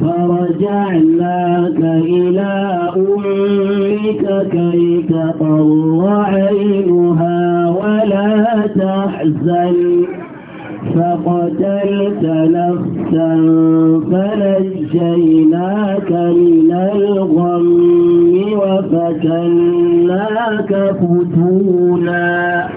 فرجعناك إلى أمك كي تقر عينها ولا تحزن فقتلت نفسا فنجيناك من الغم وفتناك فتونا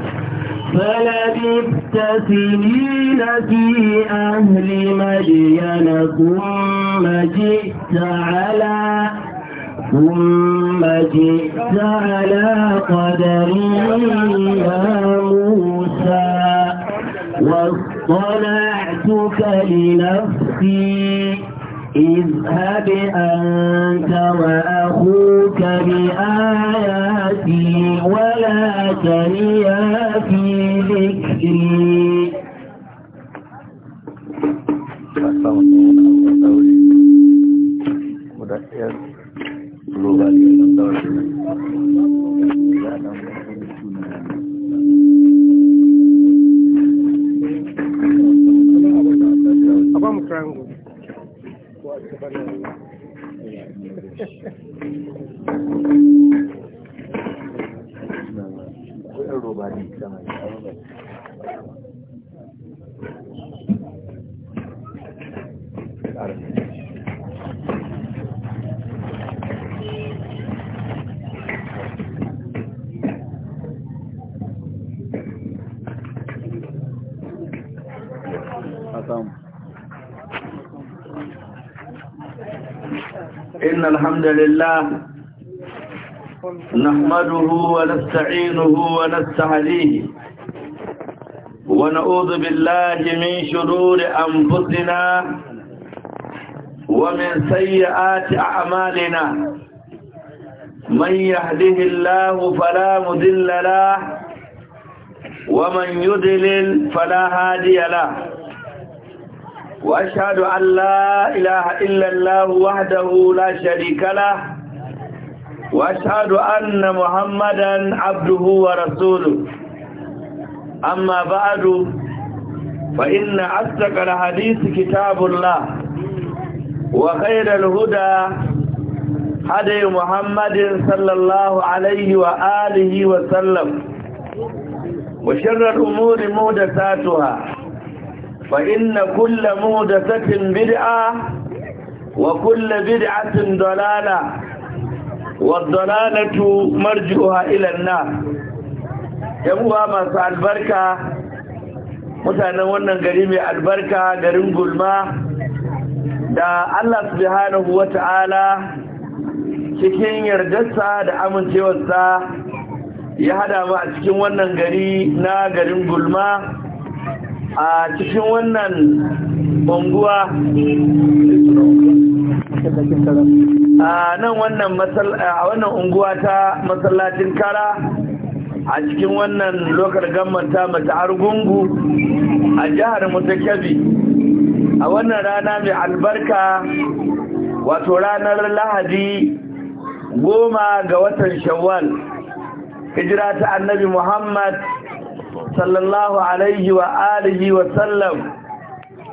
فلبثت سنين في أهل مدين ثم ثم جئت على ثم جئت على قدري يا موسى واصطنعتك لنفسي اذهب أنت وأخوك بآياتي ولا تنيا في ذكري لله نحمده ونستعينه ونستهديه ونعوذ بالله من شرور أنفسنا ومن سيئات أعمالنا من يهده الله فلا مذل له ومن يدلل فلا هادي له وأشهد أن لا إله إلا الله وحده لا شريك له وأشهد أن محمدا عبده ورسوله أما بعد فإن أصدق الحديث كتاب الله وخير الهدى هدي محمد صلى الله عليه وآله وسلم وشر الأمور مهدساتها wa كل مودثة بدعة وكل بدعة ضلالة والضلالة مرجوها إلى النار يبوها masu البركة mutanen wannan gari mai albarka garin gulma da Allah subhanahu Ta'ala cikin yardarsa da amincewarsa ya hada mu a cikin wannan gari na garin gulma a cikin wannan banguwa a nan wannan a wannan unguwa ta masallacin kara a cikin wannan lokar gammanta mata argungu a jihar mutakabi a wannan rana mai albarka wato ranar lahadi goma ga watan shawwal hijira ta annabi muhammad sallallahu alaihi wa alihi wa sallam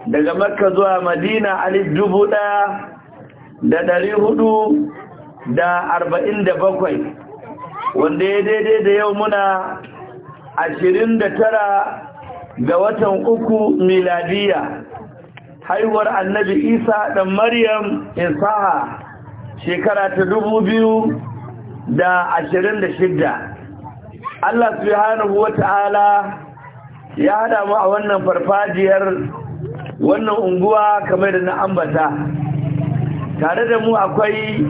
daga makka zuwa madina Ali dubu ɗaya da ɗari hudu da arba'in da bakwai wanda ya daidai da yau muna ashirin da tara ga watan uku miladiya haihuwar annabi isa da maryam isaha shekara ta dubu biyu da ashirin da shidda Allah subhanahu Ta'ala ya hada mu a wannan farfajiyar wannan unguwa kamar da na ambata tare da mu akwai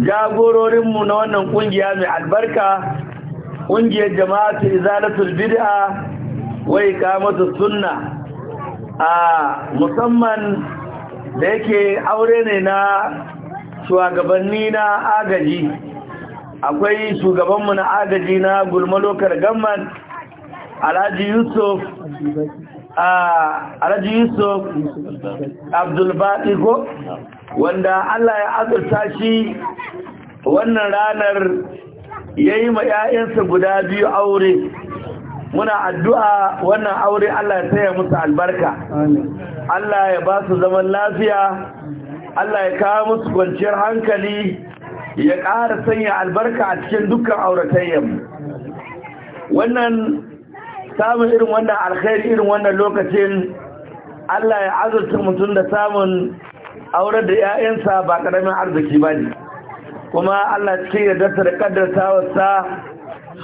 jagororinmu na wannan kungiya mai albarka kungiyar jama'atu izalatul bid'a wa iqamatu sunna a musamman da yake aure ne na shugabanni na agaji akwai shugabanmu na agaji na gulmalokar gamman alhaji yusuf alhaji yusuf abdulbaɗi ko wanda allah ya azurta shi wannan ranar ya yi ma 'ya'yansa guda biyu aure muna addu'a wannan aure allah ya taya musu albarka allah ya ba su zaman lafiya allah ya kawo musu kwanciyar hankali ya ƙara sanya albarka a cikin dukkan auratayyan wannan samun irin wannan alkhairi irin wannan lokacin Allah ya azurta mutum da samun aurar da 'ya'yansa ba ƙaramin arziki ba ne kuma Allah cikin yarda da ƙaddarta wasa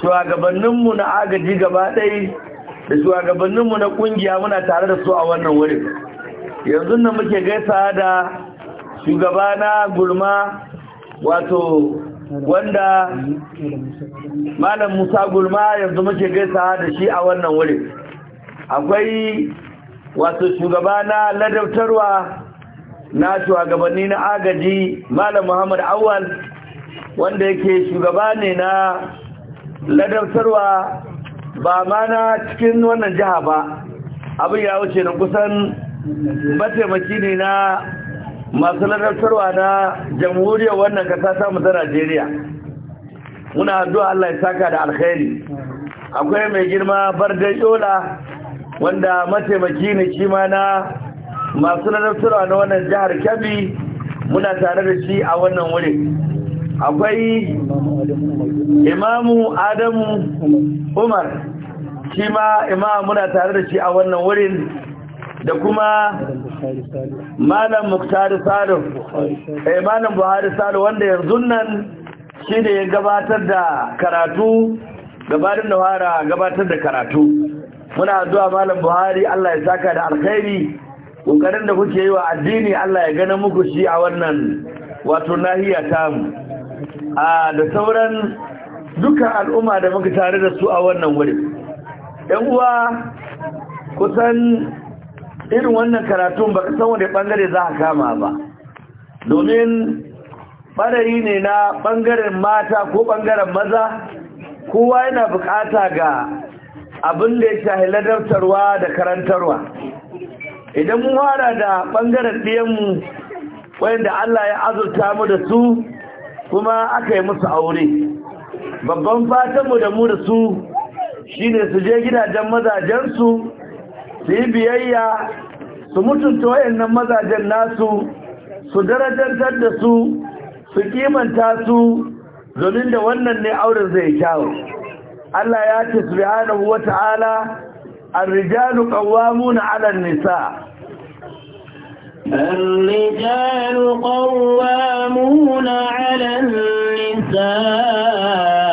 shugabanninmu na agaji gaba ɗai da shugabanninmu na ƙungiya muna tare da su a wannan wurin yanzu nan muke gaisa da shugabana, gulma wato wanda malam musa gulma yanzu muke gaisa da shi a wannan wuri akwai wato shugaba na ladautarwa na shugabanni na agaji malam muhammad awal wanda yake shugaba ne na ladautarwa ba ma na cikin wannan jiha ba abin ya wuce na kusan mataimaki ne na masu lantarwa na jamhuriyar wannan kasa samu ta najeriya muna addu'a allah ya saka da alkhairi akwai mai girma bardan yola wanda mataimaki ne ma na masu lantarwa na wannan jihar kebbi muna tare da shi a wannan wurin akwai imamu adamu umar shi ma imamu muna tare da shi a wannan wurin da kuma malam muktari eh malam buhari salif wanda yanzu nan shi ne ya gabatar da karatu gabarin da gabatar da karatu muna zuwa malam buhari allah ya saka da alkhairi ƙoƙarin da kuke yi wa addini allah ya gana muku shi a wannan wato nahiya tamu a da sauran dukkan al'umma da muka tare da su a wannan wuri yan uwa kusan irin wannan karatun baka san wani bangare za ka kama ba domin ɓarayi ne na bangaren mata ko bangaren maza kowa yana bukata ga abin da ya shahi ladartarwa da karantarwa idan mu hara da bangaren ɗiyanmu wanda Allah ya azurta mu da su kuma aka yi musu aure babban fatanmu da mu da su shine su je gidajen mazajensu su yi biyayya su mutunta wayannan mazajen nasu su darajantar da su su kimanta su domin da wannan ne auren zai kyawo Allah ya ce subhanahu wata'ala ar-rijalu qawwamuna 'ala an-nisa الرجال قوامون على النساء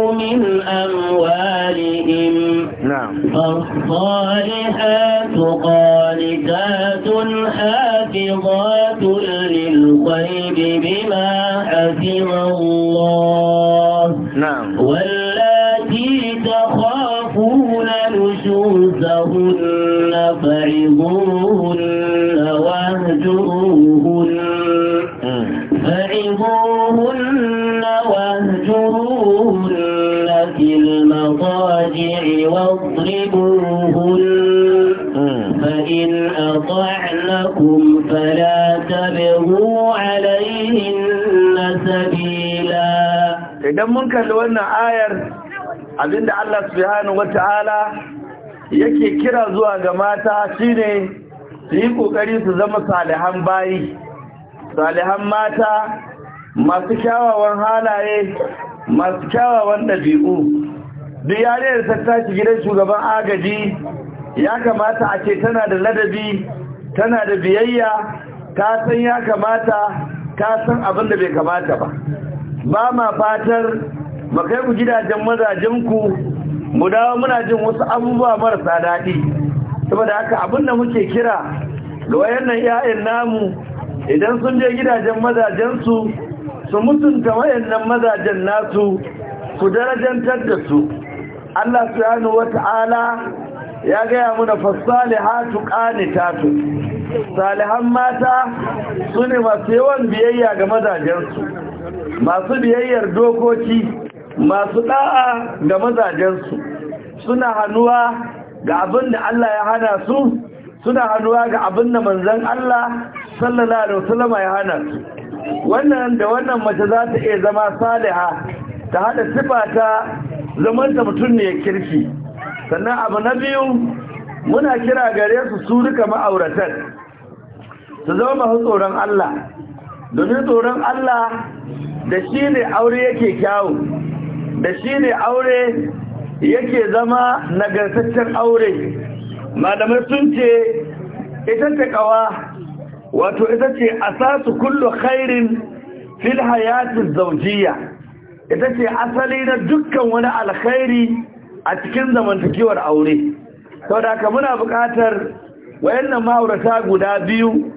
من أموالهم نعم فالصالحات قانتات حافظات للغيب بما حفظ الله idan mun kalli wannan ayar abinda Allah subhanahu wata'ala yake kira zuwa ga mata shine su yi kokari su zama salihan bayi salihan mata masu kyawawan halaye masu kyawawan ɗabi'u duk yariyar ta tashi gidan shugaban agaji ya kamata a ce tana da ladabi tana da biyayya ta san ya kamata ta san abin da bai kamata ba ba ma fatar ba kai ku gidajen mazajenku mu dawo muna jin wasu abubuwa marasa daɗi saboda haka abin da muke kira ga wayannan 'ya'yan namu idan sun je gidajen mazajensu su mutunta wayannan mazajen nasu su darajantar da su Allah subhanahu wata'ala ya gaya muna fasalihatu qanitatu salihan mata sune masu yawan biyayya ga mazajensu masu biyayyar dokoki masu da'a ga mazajensu suna hannuwa ga abin da Allah ya hana su suna hannuwa ga abin da manzan Allah sallallahu alaihi wasallam ya hana su wannan da wannan mace za ta iya zama saliha ta hada sifata ta zaman ta mutum ne kirki sannan abu na biyu muna kira gare su su duka ma'auratan su zama masu tsoron Allah domin tsoron Allah da shi ne aure yake kyawu da shi ne aure yake zama nagartaccen aure malamai sun ce ita ce kawa wato ita ce asasu kullu khairin fil hayatin zaujiya ita ce asali na dukkan wani alkhairi a cikin zamantakewar aure sau da muna buƙatar wayannan ma'aurata guda biyu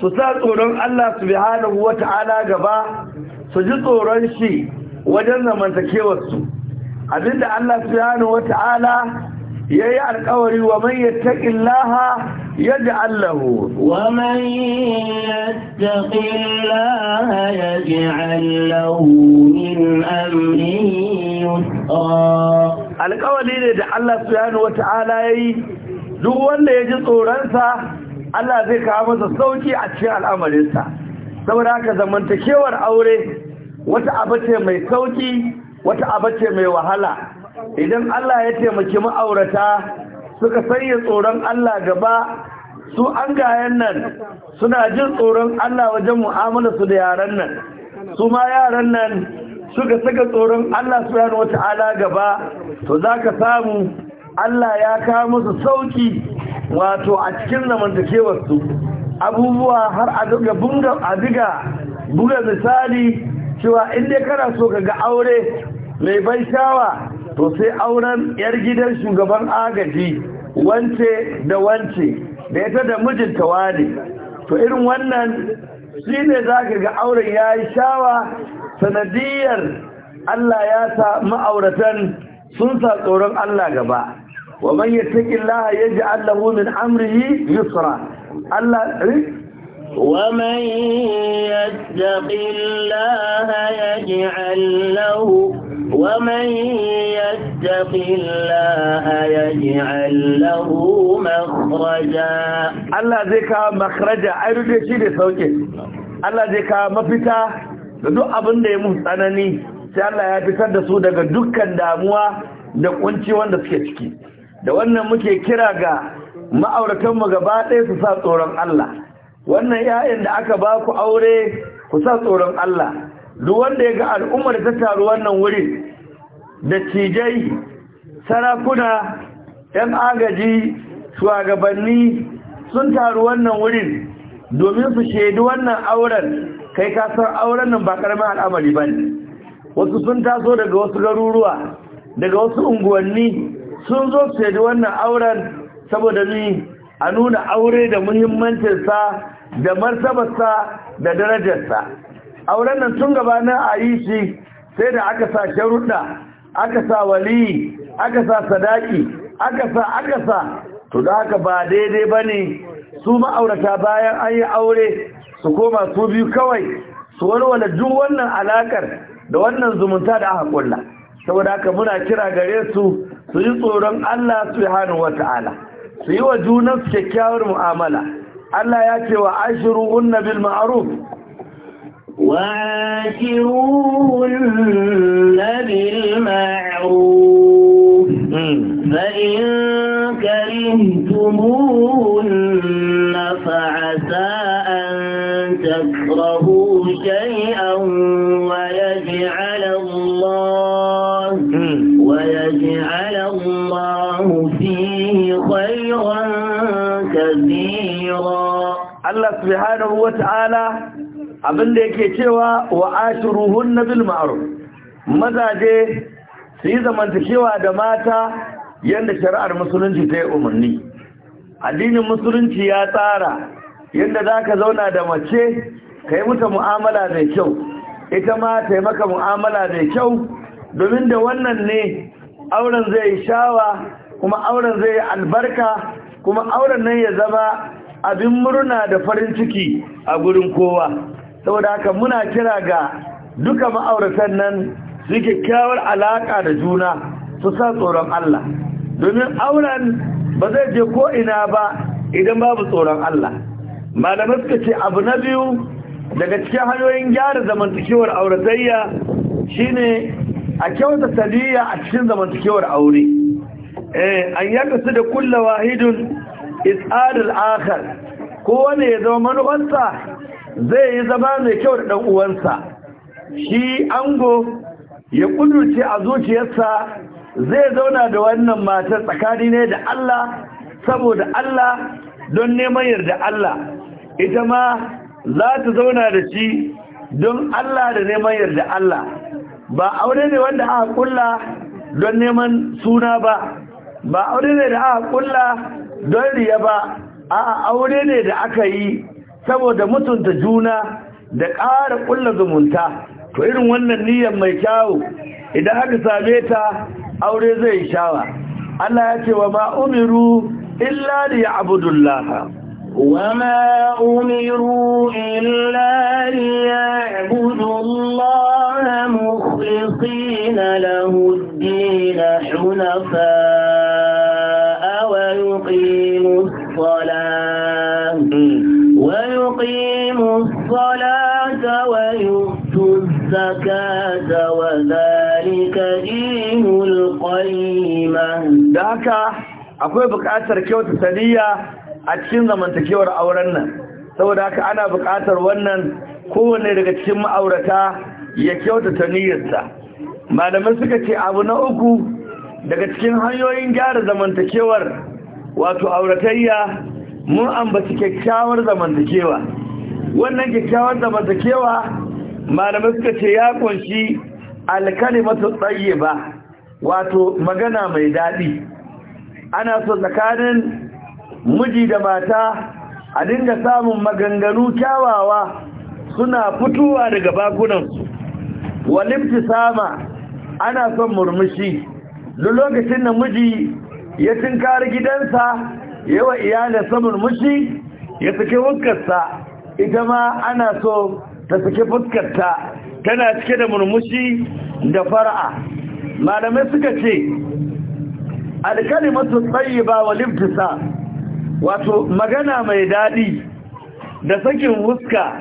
su sa tsoron Allah subhanahu wata'ala gaba su ji tsoron shi wajen zamantakewarsu abinda Allah subhanahu wata'ala yi alƙawari wa man yattaqillaha yaj'al lahu wa man ya yaj'al lahu min amrihi yusra alƙawari ne da Allah subhanahu wata'ala yayi duk wanda ya ji tsoronsa Allah zai kawo masa sauki a cikin al'amarinsa saboda haka zamantakewar aure wata abace mai sauki wata abace mai wahala idan Allah ya taimaki ma'aurata suka sanya tsoron Allah gaba su an gayan nan suna jin tsoron Allah wajen mu'amala su da yaran nan su ma yaran nan suka saka tsoron Allah subhanahu wata'ala gaba to zaka samu Allah ya kawo musu sauki wato a cikin zamantakewarsu abubuwa har a diga buga misali cewa inda kana so ka ga aure mai ban shawa to sai auren yar gidan shugaban agaji wance da wance da ita da mijinta wani, to irin wannan shi ne za ka ga auren ya yi shawa sanadiyar Allah ya sa ma'auratan sun sa tsoron Allah gaba ومن يتق الله يجعل له من امره يسرا الله ومن يتق الله يجعل له ومن يتق الله يجعل له مخرجا الله ذيك مخرجا ايرده شي da sauke Allah zai kawo mafita da duk abin da ya mun tsanani sai Allah ya fitar da su daga dukkan damuwa da kunci wanda suke ciki da wannan muke kira ga ma'auratanmu gaba ɗaya su sa tsoron Allah wannan yayin da aka ba ku aure ku sa tsoron Allah duk wanda ya ga al'ummar ta taru wannan wuri da cijai sarakuna 'yan agaji shugabanni sun taru wannan wurin domin su shaidu wannan auren kai san auren nan ba karamin al'amari ba wasu sun taso daga wasu garuruwa daga wasu unguwanni sun zo su yadda wannan auren saboda ni a nuna aure da muhimmancinsa da martabarsa da darajarsa auren nan tun gabanin a yi shi sai da aka sa sharuɗa aka sa waliyi aka sa sadaki aka sa aka sa to da haka ba daidai ba ne su ma'aurata bayan an yi aure su koma su biyu kawai su walwala duk wannan alaƙar da wannan zumunta da aka kulla saboda haka muna kira gare su su yi tsoron Allah subhanahu wata'ala su yi wa junan kyakkyawar mu'amala Allah ya ce wa ashiruhunna bil ma'ruf wa ashiruhunna bil ma'ruf fa in karihtumuhunna fa asa an takrahu shay'an wa Allah الله سبحانه wa ta'ala abinda yake cewa wa ashiruhun na bilma'aru mazaje su yi zamantakewa da mata yadda shari'ar musulunci ta yi umarni addinin musulunci ya tsara yadda za ka zauna da mace ka yi mata mu'amala mai kyau ita ma ta yi maka mu'amala mai kyau domin da wannan ne auren zai yi shawa kuma auren zai yi albarka kuma auren nan ya zama abin murna da farin ciki a gurin kowa saboda haka muna kira ga duka ma'auratan nan su kyakkyawar alaƙa da juna su sa tsoron Allah domin auren ba zai je ko ina ba idan babu tsoron Allah malamai suka ce abu na biyu daga cikin hanyoyin gyara zamantakewar auratayya shine a kyauta taliya a cikin zamantakewar aure Eh, an yaka su da kulla wahidun is'adul akhar wani ya zama manuwansa zai yi zama mai kyau da ɗan'uwansa shi ango ya ƙudurce a zuciyarsa zai zauna da wannan matar tsakani ne da Allah saboda Allah don neman yarda Allah ita ma za ta zauna da shi don Allah da neman yarda Allah ba aure ne wanda aka kulla don neman suna ba ba aure ne da aka kulla don riya ba a aure ne da aka yi saboda mutunta juna da ƙara kulla zumunta to irin wannan niyyar mai kyawu idan aka same ta aure zai shawa Allah ya ce wa ma umiru illa liya'budullah وما أمروا إلا ليعبدوا الله مخلصين له الدين حنفاء ويقيموا الصلاة ويقيموا الصلاة ويؤتوا الزكاة وذلك دين القيمة ذاك أقول بك أثر كيوت السنية a cikin zamantakewar auren nan saboda haka ana buƙatar wannan kowane daga cikin ma'aurata ya kyautata niyyarsa malamai suka ce abu na uku daga cikin hanyoyin gyara zamantakewar wato auratayya mun ambaci kyakkyawar zamantakewa wannan kyakkyawar zamantakewa malamai suka ce ya kunshi alkalimatu tsaye ba wato magana mai daɗi ana so tsakanin miji da mata a dinga samun maganganu kyawawa suna fitowa daga bakunansu Walimci sama ana son murmushi duk lokacin da miji ya tinkari gidansa yawa iyalinsa murmushi ya saki fuskarsa ita ma ana so ta saki fuskarta tana cike da murmushi da fara'a malamai suka ce alkalimatu tsayi ba walibtisa wato magana mai daɗi da sakin huska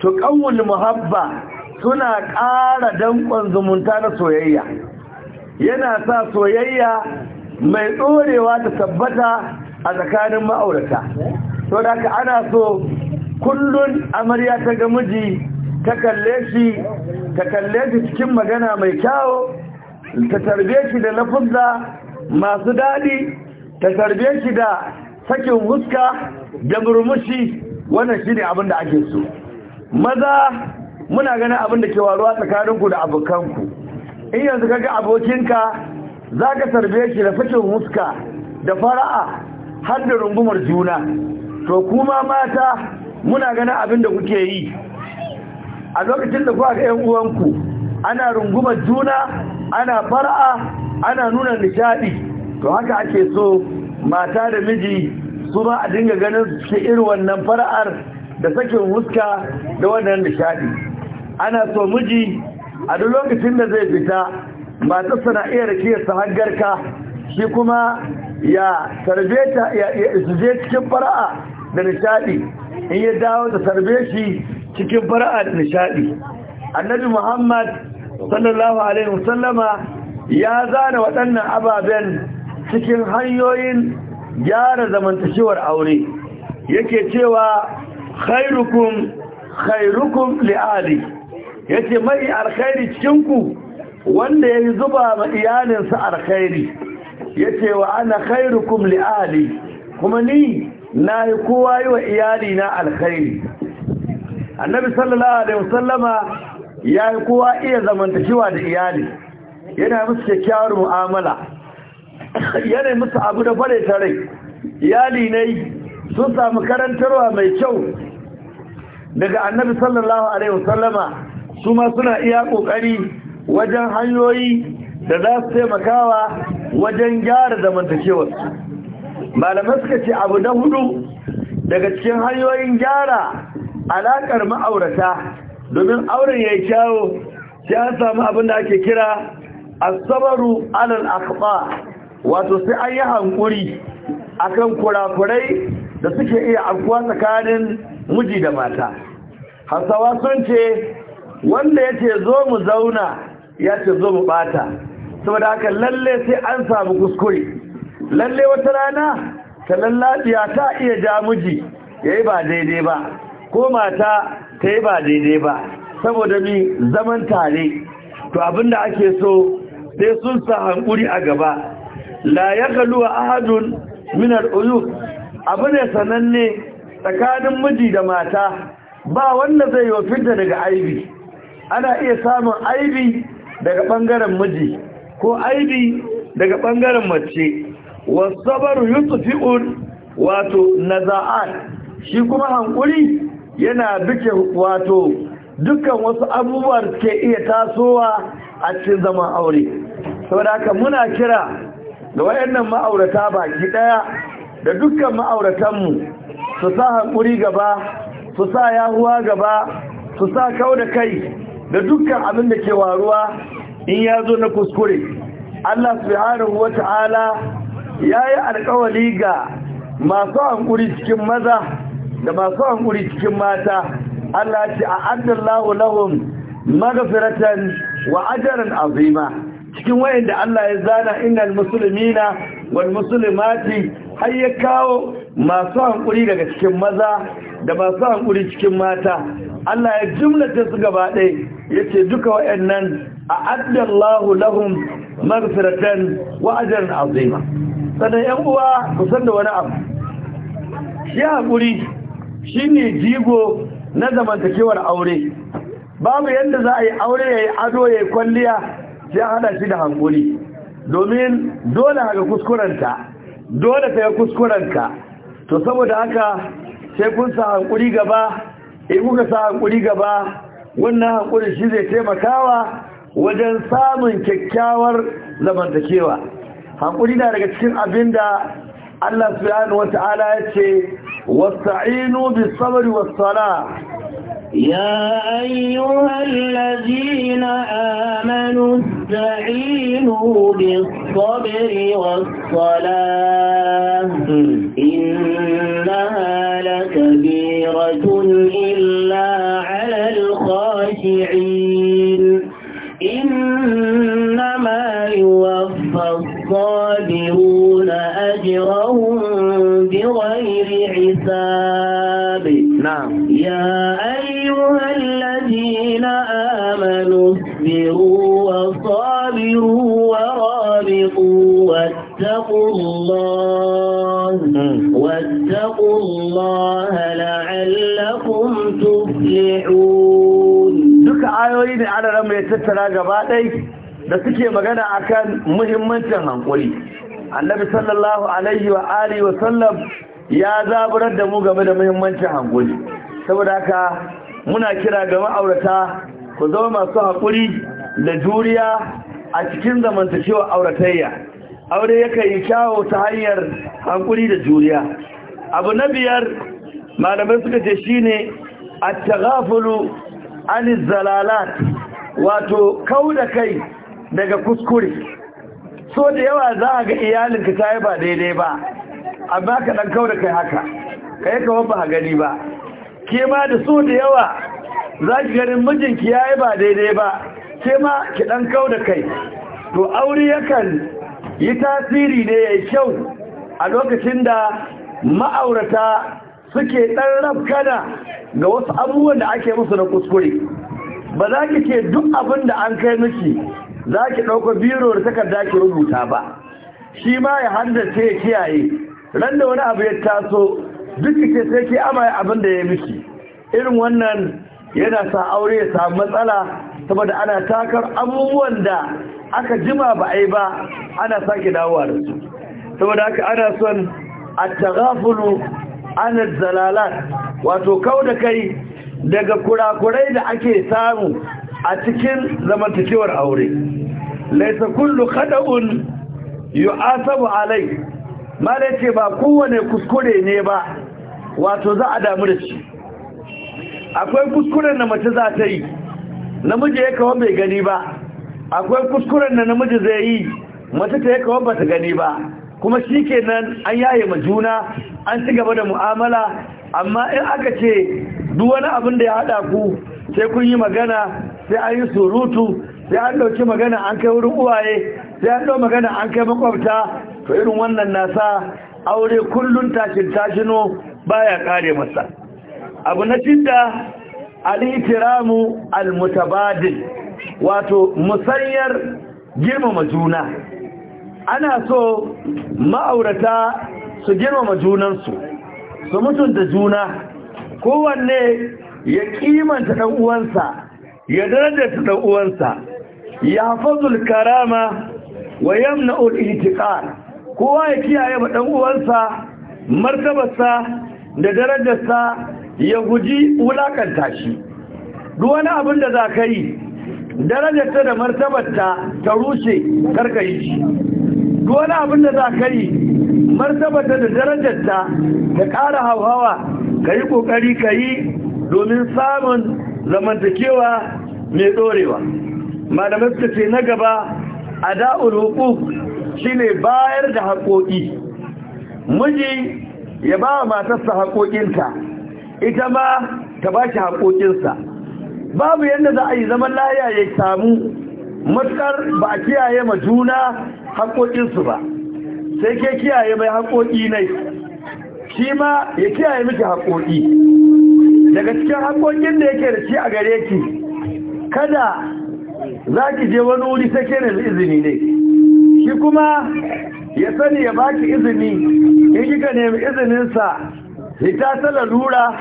to ƙanwul muhabba suna ƙara danƙon zumunta na soyayya yana sa soyayya mai ɗorewa ta tabbata a tsakanin ma'aurata to da ka ana so kullum amarya ta ga miji ta kalle shi ta kalle shi cikin magana mai kyawo ta tarbe shi da lafuzza masu daɗi ta tarbe shi da sakin huska da murmushi wannan shine abin da ake so maza muna ganin abin da ke waruwa tsakaninku da abokanku in yanzu kaga abokinka za ka tarbe shi da sakin huska da fara'a har da rungumar juna to kuma mata muna ganin abin da kuke yi a lokacin da kuka ga 'yan uwanku ana rungumar juna ana fara'a ana nuna nishadi to haka ake so mata da miji su ma a dinga ganin su irin wannan fara'ar da sakin huska da wannan nishadi ana so miji a duk lokacin da zai fita matarsa sana iya rike sa hangarka shi kuma ya tarbe ta ya suje cikin fara'a da nishadi in ya dawo da tarbe shi cikin fara'a da nishadi annabi muhammad sallallahu alaihi wasallama ya zana waɗannan ababen cikin hanyoyin gyara zamantakewar aure yake cewa khairukum khairukum li'ali yace mai alkhairi cikin ku wanda ya zuba ma iyalinsa alkhairi yace wa ana khairukum li'ali kuma ni na yi kowa yi wa iyali na alkhairi annabi sallallahu alaihi wasallama ya kowa iya zamantakewa da iyali yana musu kyakkyawar mu'amala yana musu abu da fare ta rai iyali ne sun samu karantarwa mai kyau daga annabi sallallahu alaihi wasallama su ma suna iya kokari wajen hanyoyi da za su taimakawa wajen gyara zamantakewar malamai suka ce abu da hudu daga cikin hanyoyin gyara alakar ma'aurata domin auren ya yi kyawo sai samu abin da ake kira asabaru alal akhba wato sai an yi hankuri a kan kurakurai da suke iya afkuwa tsakanin muji da mata hasawa sun ce wanda ya ce zo mu zauna ya ce zo mu bata saboda haka lalle sai an samu kuskure lalle wata rana ta lallabiya ta iya ja muji ya yi ba daidai ba ko mata ta yi ba daidai ba saboda mi zaman tare to abinda ake so sai sun sa hankuri a gaba la ya galuwa ahadun minar Uyu abu ne sananne tsakanin miji da mata ba wanda zai yi fita daga aibi ana iya samun aibi daga ɓangaren miji ko aibi daga ɓangaren mace wasabaru fi'un, wato naza'at shi kuma hankuri yana duke wato dukkan wasu abubuwan ke iya tasowa a cikin zaman aure saboda haka muna kira da wayannan ma'aurata baki daya da dukkan ma'auratanmu su sa haƙuri gaba su sa yahuwa gaba su sa kau da kai da dukkan abin da ke waruwa in ya zo na kuskure Allah subhanahu wata'ala ya yi alkawali ga masu hankuri cikin maza da masu hankuri cikin mata Allah ce a addallahu lahum maghfiratan wa ajran azima cikin da Allah ya zana innal muslimina wal muslimati har ya kawo masu hankuri daga cikin maza da masu hankuri cikin mata Allah ya jumlata su gaba ɗaya ce duka wayannan a'addan addallahu lahum magfiratan wa ajran azima sanan yan uwa ku san da wani abu shi hankuri shine jigo na zamantakewar aure babu yadda za a yi aure ya yi ado ya yi kwalliya sai an hada shi da hankuri domin dole haka kuskurenta dole ta yi ka. to saboda haka sai kun sa hankuri gaba in kuka sa hankuri gaba wannan hankuli shi zai taimakawa wajen samun kyakkyawar zamantakewa hankuri na daga cikin abin da Allah subhanahu ta'ala ya ce wasta'inu bis sabri was sala يا أيها الذين آمنوا استعينوا بالصبر والصلاة إنها لكبيرة إلا على الخاشعين إنما يوفى الصابرون أجرهم واتقوا duka ayoyi ne ana mai tattara gaba da suke magana akan muhimmancin hankuri annabi sallallahu alaihi wa alihi wa sallam ya zaburar da mu game da muhimmancin hankuri saboda haka muna kira ga ma'aurata ku zama masu haƙuri da juriya a cikin zamantakewa auratayya aure yakan yi kyawo ta hanyar hankuri da juriya abu na biyar malamai suka ce shine a tagafulu an zalalat wato kauda kai daga kuskure so da yawa za a ga iyalinka ta yi ba daidai ba amma ka dan kauda kai haka Ka yi ka ba gani ba ke ma da so da yawa za ki ganin mijinki ya yi ba daidai ba ke ma ki dan kauda kai to aure yakan yi tasiri ne ya kyau a lokacin da ma'aurata suke ɗan rafkana ga wasu abubuwan da ake musu na kuskure ba za ki ce duk abin da an kai miki za ki ɗauka biro da takarda ki rubuta ba shi ma ya haddace ya kiyaye ran da wani abu ya taso duk ke ce sai ki amaye abin da ya miki irin wannan yana sa aure ya samu matsala saboda ana takar abubuwan da aka jima ba a yi ba ana sake dawowa da su saboda haka ana son a tagafulu anar zalalat wato kau da kai daga kurakurai da ake samu a cikin zamantakewar aure laisa kullu yi yu'asabu alai mala ce ba kowane kuskure ne ba wato za a damu da shi akwai kuskuren da mace za ta yi namiji ya kawo bai gani ba akwai kuskuren da namiji zai yi mace ta yi wabba ta gani ba kuma shi kenan an yaye ma juna an ci gaba da mu'amala amma in aka ce duk wani abin da ya haɗa ku sai kun yi magana sai an yi surutu sai an ɗauki magana an kai wurin uwaye sai an ɗau magana an kai makwabta to irin wannan nasa aure kullum tashin tashino baya kare masa abu na shidda al-ihtiramu al-mutabadil wato musayar girmama juna ana so ma'aurata su girmama junansu su mutunta juna kowanne ya kimanta ɗan'uwansa ya darajarta ɗan'uwansa uwansa ya fazul karama wa yamna'ul ihtiqar kowa ya kiyaye ba ɗan uwansa martabarsa da darajarsa ya guji wulakanta shi duk wani abin da za ka yi darajarta da martabarta ta rushe karka yi shi wani abin da za ka yi martabarta da darajarta da ƙara hauhawa ka yi ƙoƙari ka yi domin samun zamantakewa mai ɗorewa malamai suka ce na gaba a da'ul hukuk shine bayar da haƙoƙi miji ya ba matarsa haƙoƙinta ita ma ta ba shi haƙoƙinsa babu yadda za a yi zaman laya ya samu matukar ba a kiyaye ma juna haƙoƙinsu ba sai ke kiyaye mai haƙoƙi ne shi ma ya kiyaye miki haƙoƙi daga cikin haƙoƙin da yake da shi a gare ki kada za ki je wani wuri sai ke izini ne shi kuma ya sani ya baki izini in kika nemi izininsa ita ta lalura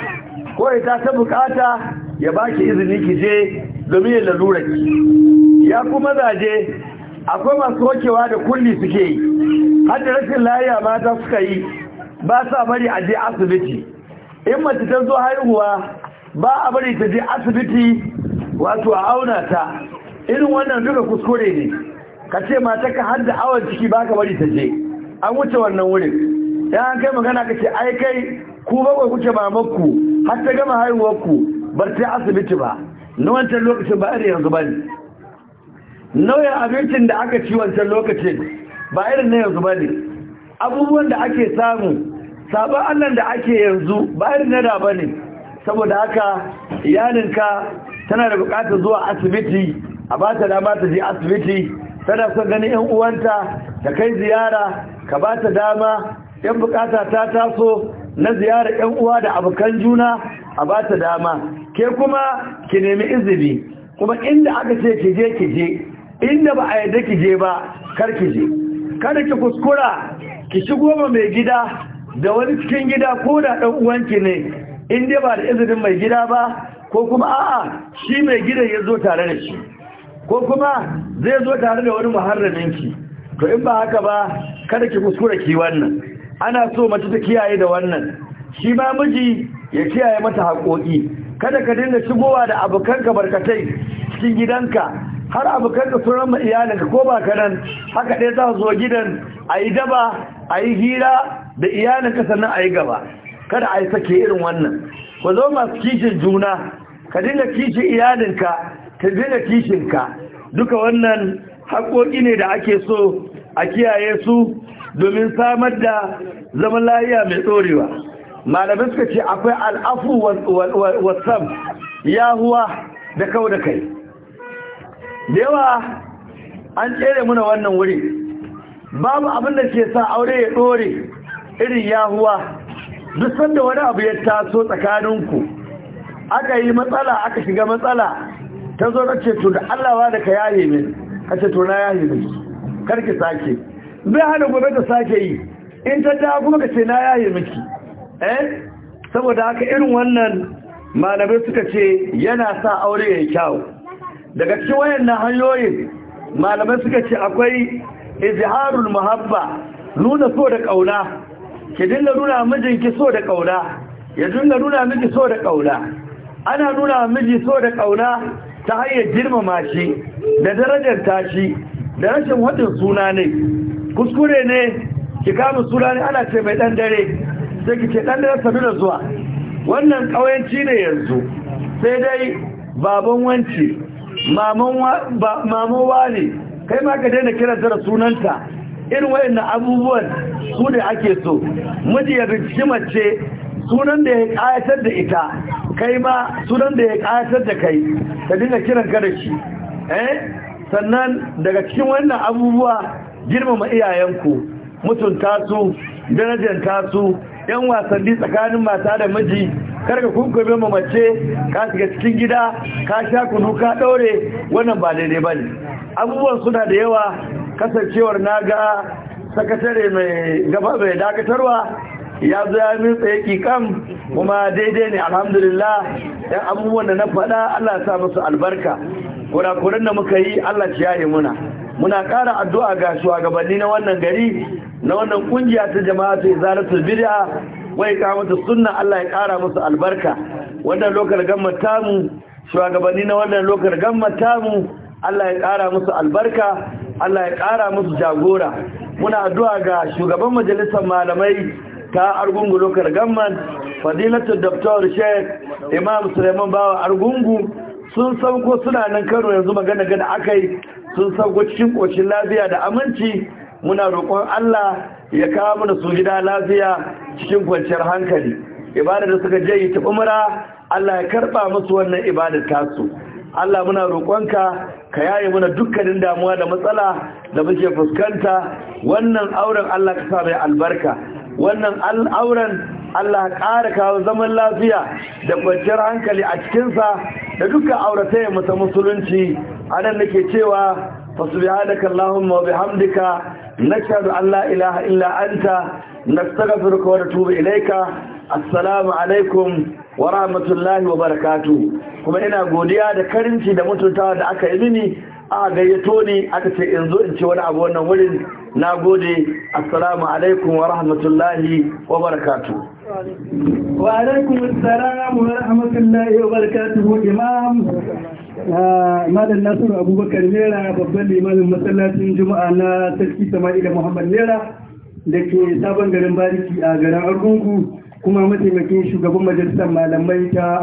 ko ita ta bukata ya ba ki izini ki je domin lalura ki? ya kuma zaje akwai masu wakewa da kulli suke yi har rashin layiya mata suka yi ba sa bari a je asibiti in mace ta zo haihuwa ba a bari ta je asibiti wato a auna ta irin wannan duka kuskure ne ka ce mata ka hadda awon ciki ba ka bari ta je an wuce wannan wurin ya an kai magana ka ce ai kai ku bakwai kuke mamakku har ta gama haihuwarku bar ta asibiti ba na wancan lokacin ba irin yanzu ba ne nauyin abincin da aka ci wancan lokacin ba irin na yanzu ba ne abubuwan da ake samu sabon allon da ake yanzu ba irin na da ba ne saboda haka iyalinka tana da bukatar zuwa asibiti a ba ta dama ta je asibiti tana son ganin yan uwanta ta kai ziyara ka ba ta dama yan bukata ta taso na ziyara yan uwa da abokan juna a ba ta dama ke kuma ki nemi izini kuma inda aka ce ki je ki je inda ba a yadda ki je ba kar ki je kada ki kuskura ki shigo goma mai gida da wani cikin gida ko da ɗan uwanki ne in ba da izinin mai gida ba ko kuma a'a shi mai gidan ya zo tare da shi ko kuma zai zo tare da wani muharramin ki to in ba haka ba kada ki kuskura ki wannan ana so mace ta kiyaye da wannan shi ma miji ya kiyaye mata haƙoƙi kada ka dinga shigowa da abokanka barkatai cikin gidanka har abokanka sun rama iyalinka ko ba ka nan haka ɗaya za zo gidan a yi daba a yi hira da iyalinka sannan a yi gaba kada a yi sake irin wannan ku zo masu kishin juna ka dinga kishi iyalinka ka dinga kishinka duka wannan haƙoƙi ne da ake so a kiyaye su domin samar da zaman lahiya mai ɗorewa malamai suka ce akwai al'afu wasan yahuwa da kawo da kai da yawa an tsere muna wannan wuri babu abin da ke sa aure ya ɗore irin yahuwa duk sanda wani abu ya taso tsakaninku aka yi matsala aka shiga matsala ta zo na ceto, da allawa da ka yaye min ka ceto na yaye min karki sake Bai hana gobe ta sake yi in ta da kuma ka ce na yaye miki eh saboda haka irin wannan malamai suka ce yana sa aure ya kyau daga cikin wayannan hanyoyin malamai suka ce akwai izharul muhabba nuna so da kauna ki dinga nuna mijinki so da kauna ya dinga nuna miki so da kauna ana nuna miji so da kauna ta hanyar girmama shi da darajar tashi da rashin wadin suna ne kuskure ne ki kama suna ne ana ce mai dan dare sai kike dan da da zuwa wannan kauyanci ne yanzu sai dai baban wanci maman wa wani kai ma ka daina kira da sunanta irin wayanna abubuwan su da ake so miji ya binciki mace sunan da ya kayatar da ita kai ma sunan da ya kayatar da kai ka dinga kiran ka da shi eh sannan daga cikin wannan abubuwa girmama iyayenku mutunta su darajanta su yan wasanni tsakanin mata da miji karka kunkume ma mace ka shiga cikin gida ka sha kunu ka ɗaure wannan ba daidai ba ne abubuwan suna da yawa kasancewar na ga sakatare mai gaba mai dakatarwa ya zo ya min tsaye kikam kuma daidai ne alhamdulillah yan abubuwan da na faɗa allah sa musu albarka kurakuran da muka yi allah ya yi muna muna ƙara addu'a ga shugabanni na wannan gari na wannan kungiya ta jama'a ta izalatul bid'a wai ka mata sunna Allah ya kara musu albarka wannan lokal gamma tamu shugabanni na wannan lokal gamma tamu Allah ya kara musu albarka Allah ya kara musu jagora muna addu'a ga shugaban majalisar malamai ta argungu lokal gamma fadilatul dr sheikh imam suleiman bawa argungu sun sauko suna nan karo yanzu magana gada akai sun sauko cikin koshin lafiya da aminci muna roƙon Allah ya kawo mana su gida lafiya cikin kwanciyar hankali ibadar da suka je yi tafi mura Allah ya karɓa musu wannan ibadar tasu Allah muna roƙonka ka yaye mana dukkanin damuwa da matsala da muke fuskanta wannan auren Allah ka sa mai albarka wannan auren Allah ƙara kawo zaman lafiya da kwanciyar hankali a cikinsa da dukkan auratayen musulunci a nan nake cewa فسبحانك اللهم وبحمدك نشهد أن لا إله إلا أنت نستغفرك ونتوب إليك السلام عليكم ورحمة الله وبركاته kuma ina godiya da karinci da mutuntawa da aka yi mini a gayyato ni aka ce in zo in ce wani abu wannan wurin na gode assalamu wa rahmatullahi wa wa Madan Nasiru Abubakar Nera babban limamin masallacin Juma'a na Sarki da Muhammad Nera da ke sabon garin Bariki a garin Argungu kuma mataimakin shugaban majalisar malamai ta